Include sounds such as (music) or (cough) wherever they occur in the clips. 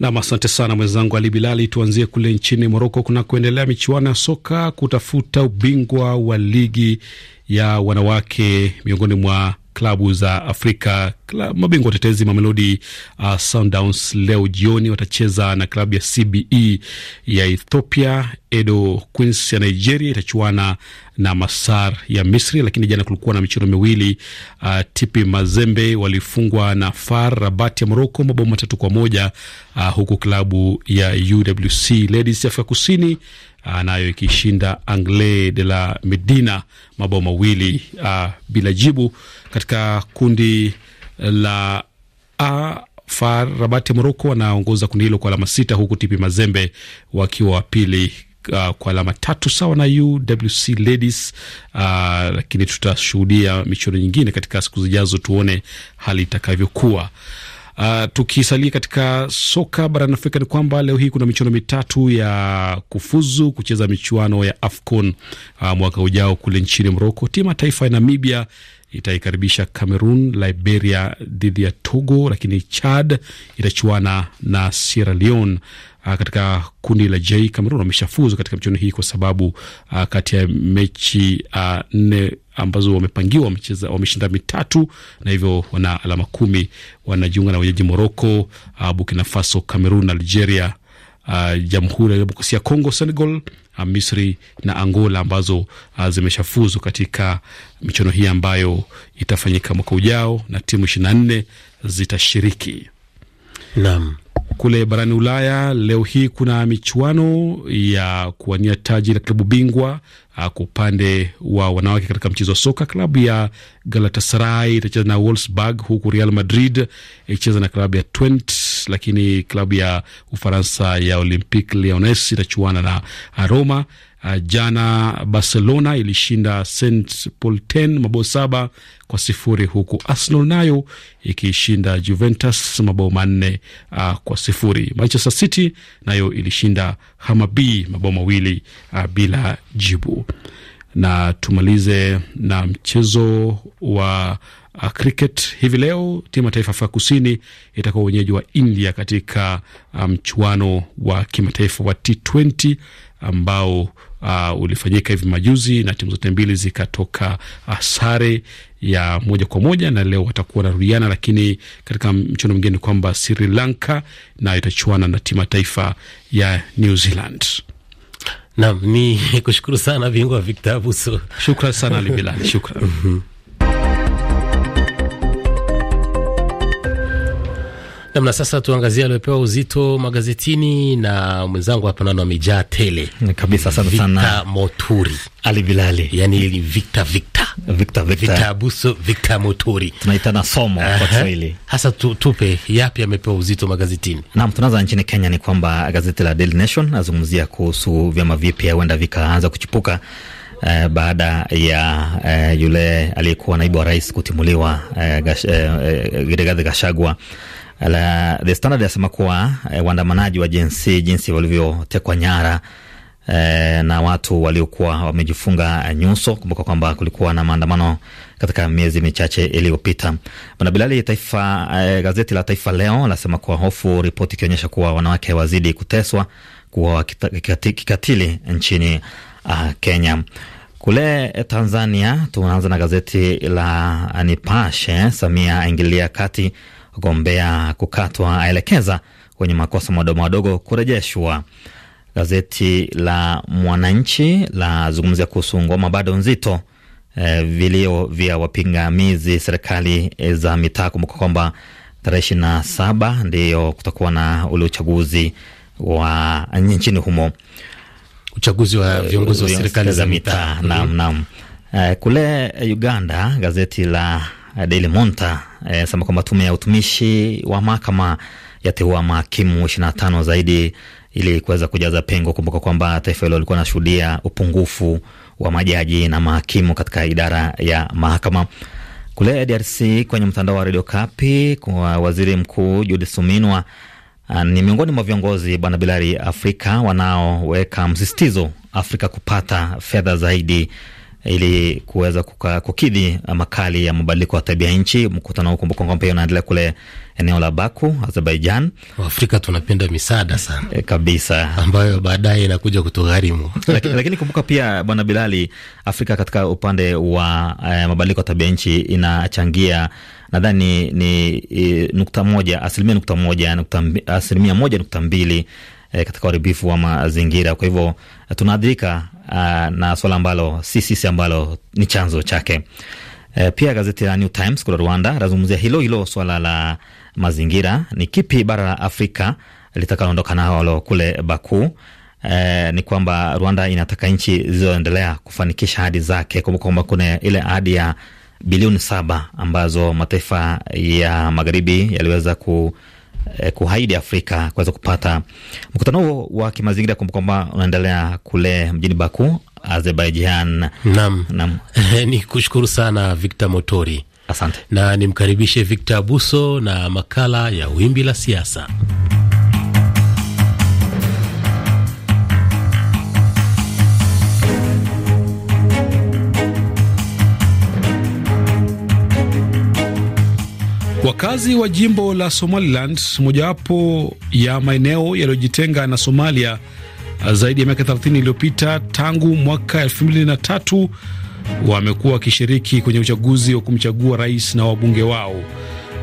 Nam, asante sana mwenzangu Ali Bilali. Tuanzie kule nchini Moroko kunakoendelea michuano ya soka kutafuta ubingwa wa ligi ya wanawake miongoni mwa klabu za Afrika. Mabingwa watetezi Mamelodi uh, Sundowns leo jioni watacheza na klabu ya CBE ya Ethiopia. Edo Queens ya Nigeria itachuana na Masar ya Misri. Lakini jana kulikuwa na michezo miwili. Uh, Tipi Mazembe walifungwa na Far Rabat ya Moroko mabao matatu kwa moja, uh, huku klabu ya UWC Ladies ya Afrika Kusini Ah, nayo ikishinda Angle de la Medina mabao mawili uh, bila jibu. Katika kundi la A, Far rabati ya Moroko wanaongoza kundi hilo kwa alama sita huku Tipi Mazembe wakiwa wa pili Uh, kwa alama tatu sawa na UWC Ladies. Uh, lakini tutashuhudia michuano nyingine katika siku zijazo, tuone hali itakavyokuwa. Uh, tukisalia katika soka barani Afrika ni kwamba leo hii kuna michuano mitatu ya kufuzu kucheza michuano ya AFCON uh, mwaka ujao kule nchini Moroko. Timu ya taifa ya Namibia itaikaribisha Cameroon, Liberia dhidi ya Togo, lakini Chad itachuana na Sierra Leone uh, katika kundi la J Kamerun wameshafuzu katika michuano hii kwa sababu uh, kati ya mechi uh, nne ambazo wamepangiwa wamecheza wameshinda mitatu na hivyo wana alama kumi. Wanajiunga na wenyeji moroco uh, Burkina Faso, Kamerun, Algeria, uh, Jamhuri ya Demokrasia ya Kongo, Senegal, uh, Misri na Angola ambazo uh, zimeshafuzu katika michuano hii ambayo itafanyika mwaka ujao na timu ishirini na nne zitashiriki. Naam. Kule barani Ulaya leo hii kuna michuano ya kuwania taji la klabu bingwa ah, kwa upande wa wanawake katika mchezo wa soka. Klabu ya Galatasaray itacheza na Wolfsburg, huku Real Madrid ikicheza na klabu ya Twent, lakini klabu ya Ufaransa ya Olympique Lyonnais itachuana na ah, Roma. Uh, jana Barcelona ilishinda St Pölten mabao saba kwa sifuri huku Arsenal nayo ikishinda Juventus mabao manne uh, kwa sifuri. Manchester City nayo ilishinda hamab mabao mawili uh, bila jibu. Na tumalize na mchezo wa uh, cricket hivi leo. Timu ya taifa Afrika Kusini itakuwa wenyeji wa India katika uh, mchuano um, wa kimataifa wa T20 ambao uh, ulifanyika hivi majuzi na timu zote mbili zikatoka uh, sare ya moja kwa moja, na leo watakuwa wanarudiana, lakini katika mchuano mwingine ni kwamba Sri Lanka nayo itachuana na timu ya taifa ya New Zealand. Nam ni (laughs) kushukuru sana bingwa Victor Abuso, shukran sana Libilani, shukran mhm. namna. Sasa tuangazie aliopewa uzito magazetini na mwenzangu hapa nano amejaa tele kabisa sana sana, Moturi Ali Bilali, yani Victor Victor Victor Victor Abuso Victor Moturi tunaitana somo kwa Kiswahili. Hasa tu, tupe yapi amepewa uzito magazetini? Naam, tunaanza nchini Kenya, ni kwamba gazeti la Daily Nation azungumzia kuhusu vyama vipya huenda vikaanza kuchipuka Eh, baada ya eh, yule aliyekuwa naibu wa rais kutimuliwa eh, gash, eh, eh Rigathi Gachagua la, The Standard yasema kuwa e, waandamanaji wa jinsi jinsi walivyotekwa nyara e, na watu waliokuwa wamejifunga eh, nyuso. Kumbuka kwamba kulikuwa na maandamano katika miezi michache iliyopita. Bwana Bilali, taifa, e, gazeti la Taifa Leo lasema kuwa hofu, ripoti ikionyesha kuwa wanawake wazidi kuteswa kuwa kikatili nchini uh, Kenya. Kule Tanzania tunaanza na gazeti la Nipashe, Samia aingilia kati gombea kukatwa, aelekeza wenye makosa madogo madogo kurejeshwa. Gazeti la Mwananchi zungumzia kuhusu ngoma bado nzito, e, vilio vya wapingamizi serikali za mitaa. Kumbuka kwamba tarehe ishirini na saba ndiyo kutakuwa na ule uchaguzi wa nchini humo, uchaguzi wa viongozi wa eh, serikali za mitaa. Naam, naam. Eh, kule Uganda, gazeti la Daily Monitor anasema eh, kwamba tume ya utumishi wa mahakama yateua mahakimu ishirini na tano zaidi ili kuweza kujaza pengo. Kumbuka kwamba taifa hilo lilikuwa linashuhudia upungufu wa majaji na mahakimu katika idara ya mahakama. Kule DRC kwenye mtandao wa redio Kapi, kwa waziri mkuu Judith Suminwa ah, ni miongoni mwa viongozi bwana Bilari Afrika wanaoweka msisitizo Afrika kupata fedha zaidi ili kuweza kukidhi makali ya mabadiliko ya tabia nchi. Mkutano huu kumbuka kwamba unaendelea kule eneo la Baku, Azerbaijan. Waafrika tunapenda misaada sana e, kabisa, ambayo baadaye inakuja kutugharimu (laughs) lakini, lakini kumbuka pia Bwana Bilali, Afrika katika upande wa eh, mabadiliko ya tabia nchi inachangia nadhani ni, ni e, nukta moja asilimia nukta moja nukta, asilimia moja nukta mbili eh, katika uharibifu wa mazingira. Kwa hivyo eh, tunaadhirika uh, eh, na swala ambalo si sisi ambalo ni chanzo chake. Eh, pia gazeti la New Times kula Rwanda lazungumzia hilo hilo swala la mazingira. Ni kipi bara la Afrika litakaloondoka nalo kule Baku? Eh, ni kwamba Rwanda inataka nchi zilizoendelea kufanikisha ahadi zake. Kumbuka kwamba kuna ile ahadi ya bilioni saba ambazo mataifa ya magharibi yaliweza ku eh, kuhaidi Afrika kuweza kupata mkutano huo wa kimazingira. Kumbuka kwamba unaendelea kule mjini Baku, Azerbaijan. Nam, nam. Eh, ni kushukuru sana Victor Motori, asante, na nimkaribishe Victor Abuso na makala ya Wimbi la Siasa. Wakazi wa jimbo la Somaliland, mojawapo ya maeneo yaliyojitenga na Somalia zaidi ya miaka 30 iliyopita tangu mwaka 2003 wamekuwa wakishiriki kwenye uchaguzi wa kumchagua rais na wabunge wao.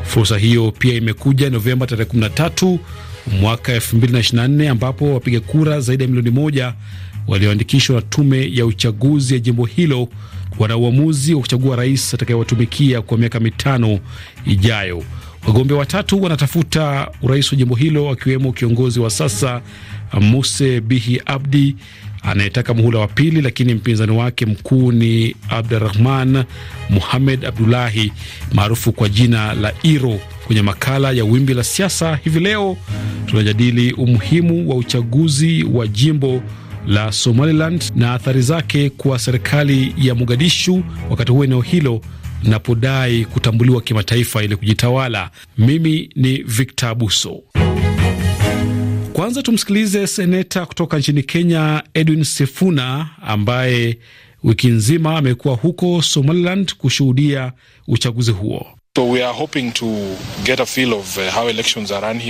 Fursa hiyo pia imekuja Novemba tarehe 13 mwaka 2024 ambapo wapiga kura zaidi ya milioni moja walioandikishwa na tume ya uchaguzi ya jimbo hilo wana uamuzi wa kuchagua rais atakayewatumikia kwa miaka mitano ijayo. Wagombea watatu wanatafuta urais wa jimbo hilo akiwemo kiongozi wa sasa Muse Bihi Abdi anayetaka muhula wa pili, lakini mpinzani wake mkuu ni Abdurahman Muhamed Abdulahi maarufu kwa jina la Iro. Kwenye makala ya Wimbi la Siasa hivi leo tunajadili umuhimu wa uchaguzi wa jimbo la Somaliland na athari zake kwa serikali ya Mogadishu, wakati huo eneo hilo inapodai kutambuliwa kimataifa ili kujitawala. Mimi ni Victor Abuso. Kwanza tumsikilize seneta kutoka nchini Kenya, Edwin Sifuna, ambaye wiki nzima amekuwa huko Somaliland kushuhudia uchaguzi huo. So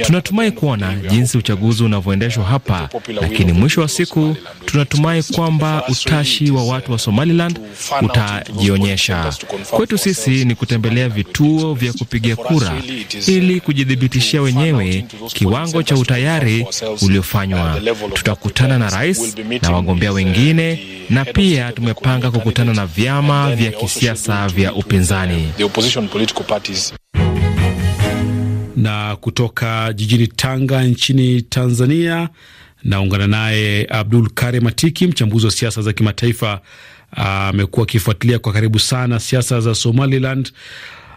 tunatumai kuona jinsi uchaguzi unavyoendeshwa hapa, lakini mwisho wa siku tunatumai kwamba utashi wa watu wa uh, Somaliland utajionyesha. Kwetu sisi ni kutembelea vituo vya kupiga kura ili uh, kujithibitishia wenyewe kiwango cha utayari uliofanywa. Tutakutana na rais na wagombea uh, wengine, na pia tumepanga kukutana na vyama vya kisiasa vya upinzani parties. Na kutoka jijini Tanga nchini Tanzania naungana naye Abdul Karim Atiki, mchambuzi wa siasa za kimataifa. Amekuwa akifuatilia kwa karibu sana siasa za Somaliland.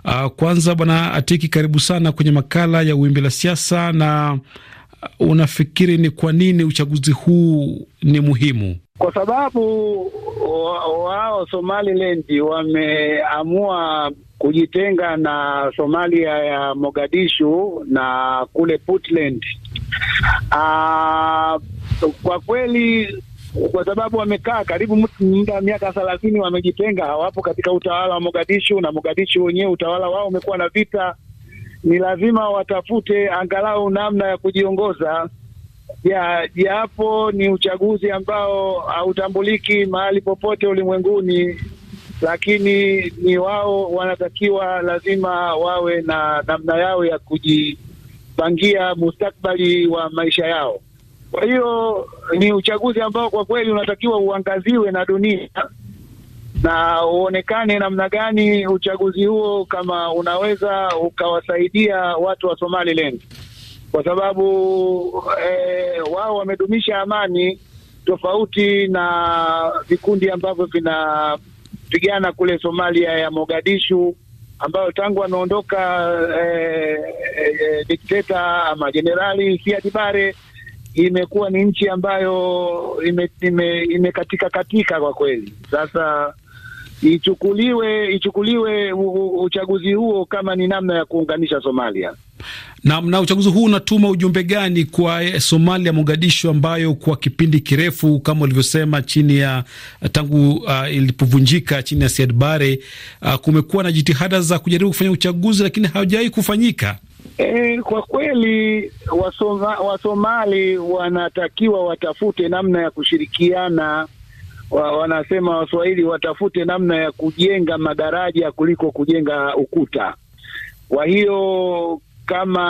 A, ah, kwanza Bwana Atiki, karibu sana kwenye makala ya Wimbi la Siasa. Na ah, unafikiri ni kwa nini uchaguzi huu ni muhimu? kwa sababu wao Somaliland wameamua kujitenga na Somalia ya Mogadishu na kule Puntland. Aa, ah, kwa kweli kwa sababu wamekaa karibu muda wa miaka thelathini wamejitenga, hawapo katika utawala wa Mogadishu, na Mogadishu wenyewe utawala wao umekuwa na vita. Ni lazima watafute angalau namna ya kujiongoza ya japo ni uchaguzi ambao hautambuliki mahali popote ulimwenguni, lakini ni wao wanatakiwa lazima wawe na namna yao ya kujipangia mustakbali wa maisha yao. Kwa hiyo ni uchaguzi ambao kwa kweli unatakiwa uangaziwe na dunia na uonekane namna gani uchaguzi huo kama unaweza ukawasaidia watu wa Somaliland kwa sababu eh, wao wamedumisha amani tofauti na vikundi ambavyo vinapigana kule Somalia ya Mogadishu ambayo tangu ameondoka eh, eh, dikteta ama jenerali Siad Barre imekuwa ni nchi ambayo imekatika ime, ime katika katika kwa kweli. Sasa ichukuliwe ichukuliwe uchaguzi huo kama ni namna ya kuunganisha Somalia. Na, na uchaguzi huu unatuma ujumbe gani kwa eh, Somalia Mogadishu, ambayo kwa kipindi kirefu kama ulivyosema, chini ya eh, tangu uh, ilipovunjika chini ya Siad Barre uh, kumekuwa na jitihada za kujaribu kufanya uchaguzi lakini haujawahi kufanyika. E, kwa kweli Wasoma, Wasomali wanatakiwa watafute namna ya kushirikiana wa, wanasema Waswahili watafute namna ya kujenga madaraja kuliko kujenga ukuta. Kwa hiyo kama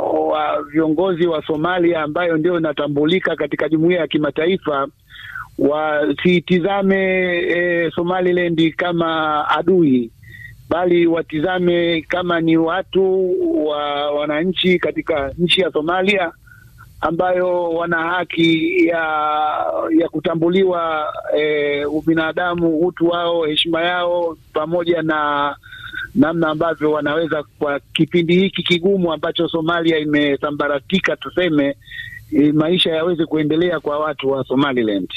wa, viongozi wa Somalia ambayo ndio inatambulika katika jumuia ya kimataifa wasitizame e, Somaliland kama adui bali watizame kama ni watu wa wananchi katika nchi ya Somalia ambayo wana haki ya ya kutambuliwa e, ubinadamu, utu wao, heshima yao, pamoja na namna ambavyo wanaweza kwa kipindi hiki kigumu ambacho Somalia imesambaratika, tuseme eh, maisha yaweze kuendelea kwa watu wa Somaliland.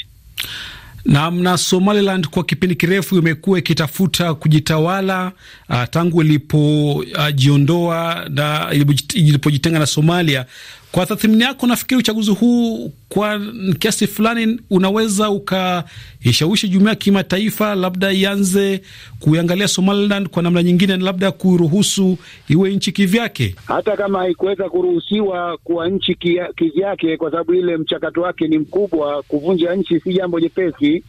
Naam, na Somaliland kwa kipindi kirefu imekuwa ikitafuta kujitawala uh, tangu ilipojiondoa ah, uh, na ilipojitenga na Somalia. Kwa tathmini yako, nafikiri uchaguzi huu kwa kiasi fulani unaweza ukaishawishi jumuiya ya kimataifa labda ianze kuiangalia Somaliland kwa namna nyingine, labda kuruhusu iwe nchi kivyake, hata kama haikuweza kuruhusiwa kuwa nchi kivyake, kwa sababu ile mchakato wake ni mkubwa. Kuvunja nchi si jambo jepesi,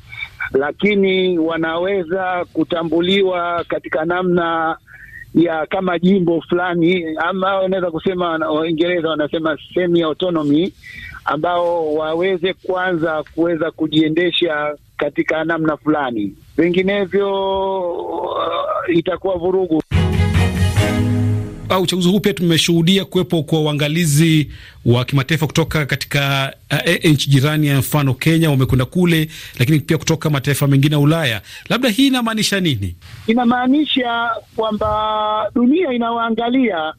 lakini wanaweza kutambuliwa katika namna ya kama jimbo fulani, ama unaweza kusema Waingereza wanasema semi autonomy, ambao waweze kwanza kuweza kujiendesha katika namna fulani, vinginevyo uh, itakuwa vurugu au uchaguzi huu pia tumeshuhudia kuwepo kwa uangalizi wa kimataifa kutoka katika uh, nchi jirani ya mfano Kenya, wamekwenda kule, lakini pia kutoka mataifa mengine ya Ulaya. Labda hii inamaanisha nini? Inamaanisha kwamba dunia inawaangalia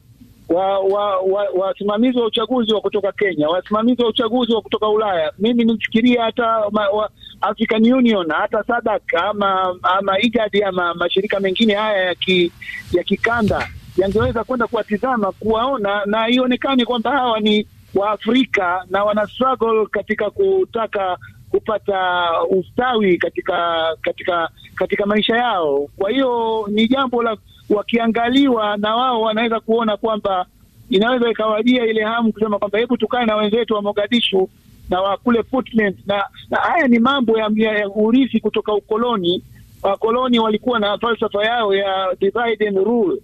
wasimamizi wa, wa, wa, wa uchaguzi wa kutoka Kenya, wasimamizi wa uchaguzi wa kutoka Ulaya. Mimi nimfikiria hata ma, wa, African Union hata SADC ama ama IGAD ama mashirika mengine haya ya ki, ya kikanda yangeweza kwenda kuwatizama, kuwaona na ionekane kwamba hawa ni Waafrika na wana struggle katika kutaka kupata ustawi katika katika katika maisha yao. Kwa hiyo ni jambo la wakiangaliwa, na wao wanaweza kuona kwamba inaweza ikawajia ile hamu kusema kwamba hebu tukae na wenzetu wa Mogadishu na wa kule Portland. na, na haya ni mambo ya, ya urithi kutoka ukoloni. Wakoloni walikuwa na falsafa yao ya divide and rule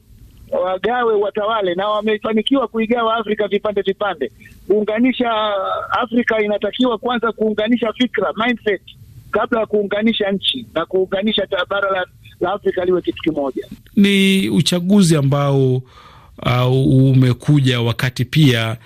wagawe watawale, na wamefanikiwa kuigawa Afrika vipande vipande. Kuunganisha Afrika inatakiwa kwanza kuunganisha fikra, mindset, kabla ya kuunganisha nchi na kuunganisha bara la, la Afrika liwe kitu kimoja. Ni uchaguzi ambao uh, umekuja wakati pia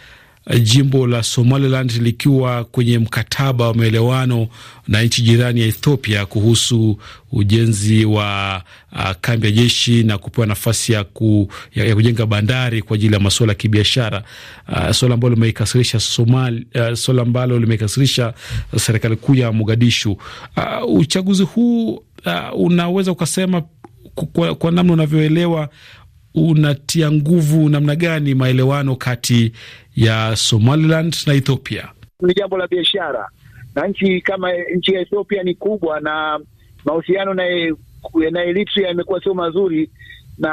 Eh, jimbo la Somaliland likiwa kwenye mkataba wa maelewano na nchi jirani ya Ethiopia kuhusu ujenzi wa uh, kambi ya jeshi na kupewa nafasi ya, ku, ya, ya kujenga bandari kwa ajili ya masuala ya kibiashara uh, ah, swala ambalo limeikasirisha Somali, uh, eh, swala ambalo limeikasirisha serikali kuu ya Mogadishu. Uh, uchaguzi huu uh, unaweza ukasema kwa, kwa namna unavyoelewa unatia nguvu namna gani maelewano kati ya Somaliland na Ethiopia. Ni jambo la biashara, na nchi kama nchi ya Ethiopia ni kubwa, na mahusiano na, na Eritrea yamekuwa sio mazuri na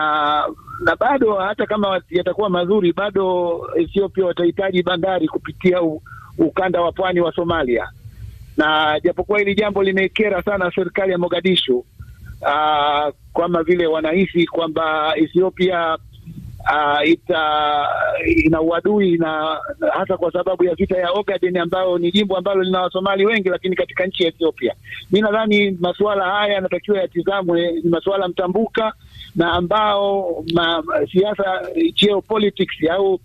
na bado hata kama yatakuwa mazuri bado Ethiopia watahitaji bandari kupitia u, ukanda wa pwani wa Somalia, na japokuwa hili jambo limekera sana serikali ya Mogadishu, kama vile wanahisi kwamba Ethiopia uh, ita ina uadui na hasa kwa sababu ya vita ya Ogaden ambayo ni jimbo ambalo lina Wasomali wengi, lakini katika nchi ya Ethiopia. Mi nadhani masuala haya yanatakiwa yatizamwe, ni masuala mtambuka na ambao siasa geopolitics au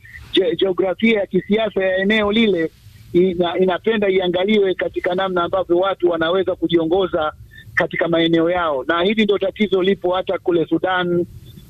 jiografia ya kisiasa ya eneo lile ina, inapenda iangaliwe katika namna ambavyo watu wanaweza kujiongoza katika maeneo yao, na hili ndio tatizo lipo hata kule Sudan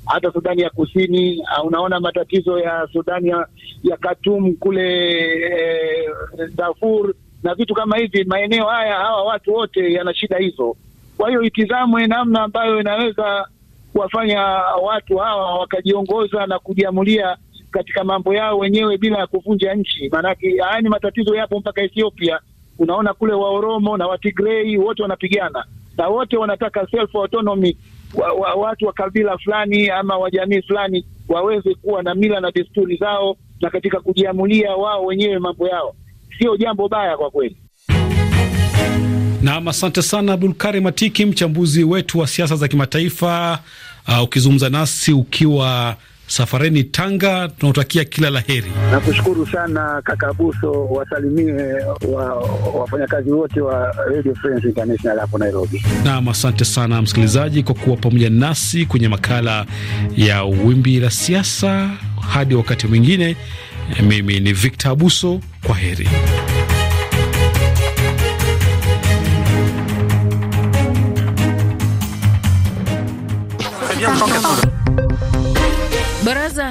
hata Sudani ya Kusini. Uh, unaona matatizo ya Sudani ya, ya Katum kule eh, Darfur na vitu kama hivi. Maeneo haya hawa watu wote yana shida hizo. Kwa hiyo itizamwe namna ambayo inaweza kuwafanya watu hawa wakajiongoza na kujiamulia katika mambo yao wenyewe bila ya kuvunja nchi. Maanake haya ni matatizo yapo mpaka Ethiopia. Unaona kule Waoromo na Watigrei wote wanapigana na wote wanataka self autonomy wa, wa, watu wa kabila fulani ama wa jamii fulani waweze kuwa na mila na desturi zao na katika kujiamulia wao wenyewe mambo yao, sio jambo baya kwa kweli. Nam, asante sana Abdulkarim matiki mchambuzi wetu wa siasa za kimataifa, uh, ukizungumza nasi ukiwa safareni Tanga, tunautakia kila la heri. Nakushukuru sana kaka Buso, wasalimie wa, wafanyakazi wote wa Radio France International hapo Nairobi. Naam, asante sana msikilizaji kwa kuwa pamoja nasi kwenye makala ya wimbi la siasa. Hadi wakati mwingine, mimi ni Victor Abuso, kwa heri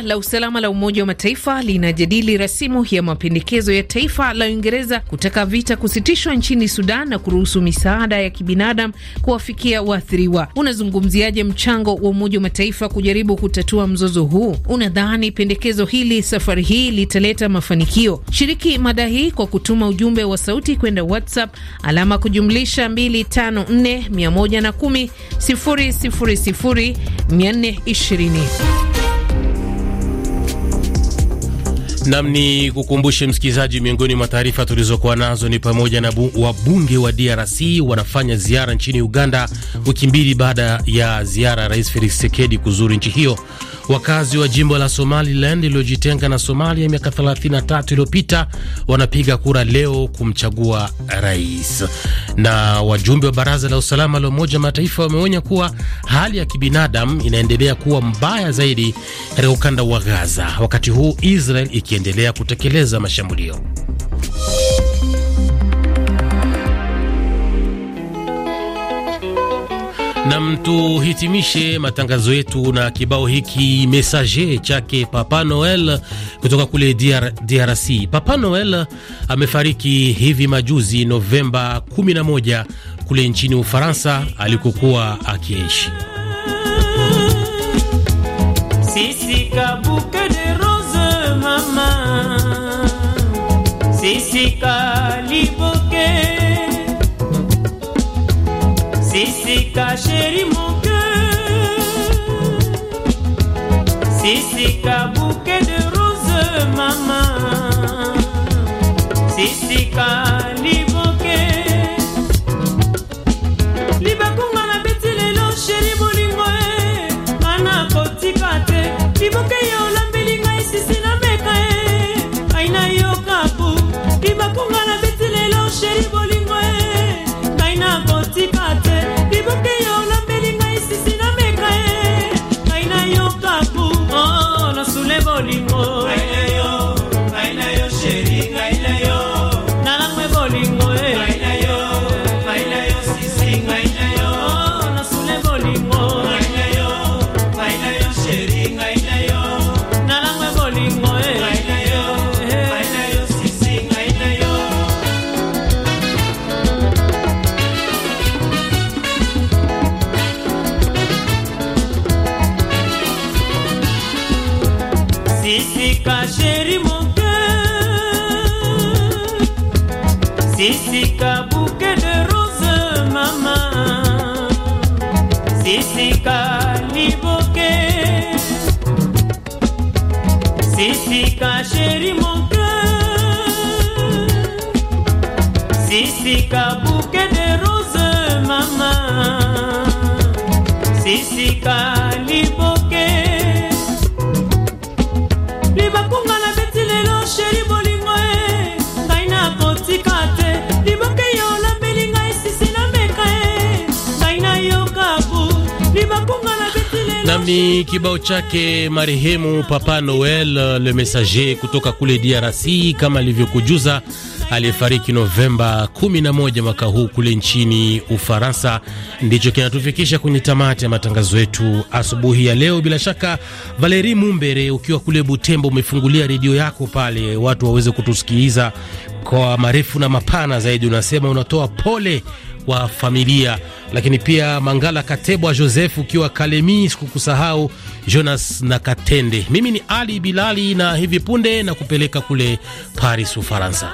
la usalama la Umoja wa Mataifa linajadili rasimu ya mapendekezo ya taifa la Uingereza kutaka vita kusitishwa nchini Sudan na kuruhusu misaada ya kibinadamu kuwafikia waathiriwa. Unazungumziaje mchango wa Umoja wa Mataifa kujaribu kutatua mzozo huu? Unadhani pendekezo hili safari hii litaleta mafanikio? Shiriki mada hii kwa kutuma ujumbe wa sauti kwenda WhatsApp alama kujumlisha 254 110 000 420. Nam ni kukumbushe msikilizaji, miongoni mwa taarifa tulizokuwa nazo ni pamoja na wabunge wa DRC wanafanya ziara nchini Uganda wiki mbili baada ya ziara ya Rais Felix Tshisekedi kuzuru nchi hiyo. Wakazi wa jimbo la Somaliland iliyojitenga na Somalia miaka 33 iliyopita wanapiga kura leo kumchagua rais. Na wajumbe wa baraza la usalama la Umoja Mataifa wameonya kuwa hali ya kibinadamu inaendelea kuwa mbaya zaidi katika ukanda wa Gaza, wakati huu Israel ikiendelea kutekeleza mashambulio. mtu hitimishe matangazo yetu na kibao hiki mesaje chake Papa Noel kutoka kule DRC. Papa Noel amefariki hivi majuzi Novemba 11 kule nchini Ufaransa alikokuwa akiishi. Sisi kabuke Sisika chérie mon cœur Sisika bouquet de roses maman Sisika You know. Sissi ka bouquet de roses, maman. Sissi ka liboquet. Sissi ka chérie, mon cœur. Sissi ka bouquet de roses, maman. Sissi ka liboquet. Libakunga na beti lelo chérie, ni kibao chake marehemu Papa Noel uh, Le Messager kutoka kule DRC kama alivyokujuza, aliyefariki Novemba 11 mwaka huu kule nchini Ufaransa. Ndicho kinatufikisha kwenye tamati ya matangazo yetu asubuhi ya leo. Bila shaka, Valeri Mumbere, ukiwa kule Butembo, umefungulia redio yako pale watu waweze kutusikiliza kwa marefu na mapana zaidi. Unasema unatoa pole wa familia. Lakini pia Mangala Katebwa Joseph ukiwa Kalemi, sikukusahau Jonas na Katende. Mimi ni Ali Bilali na hivi punde na kupeleka kule Paris, Ufaransa.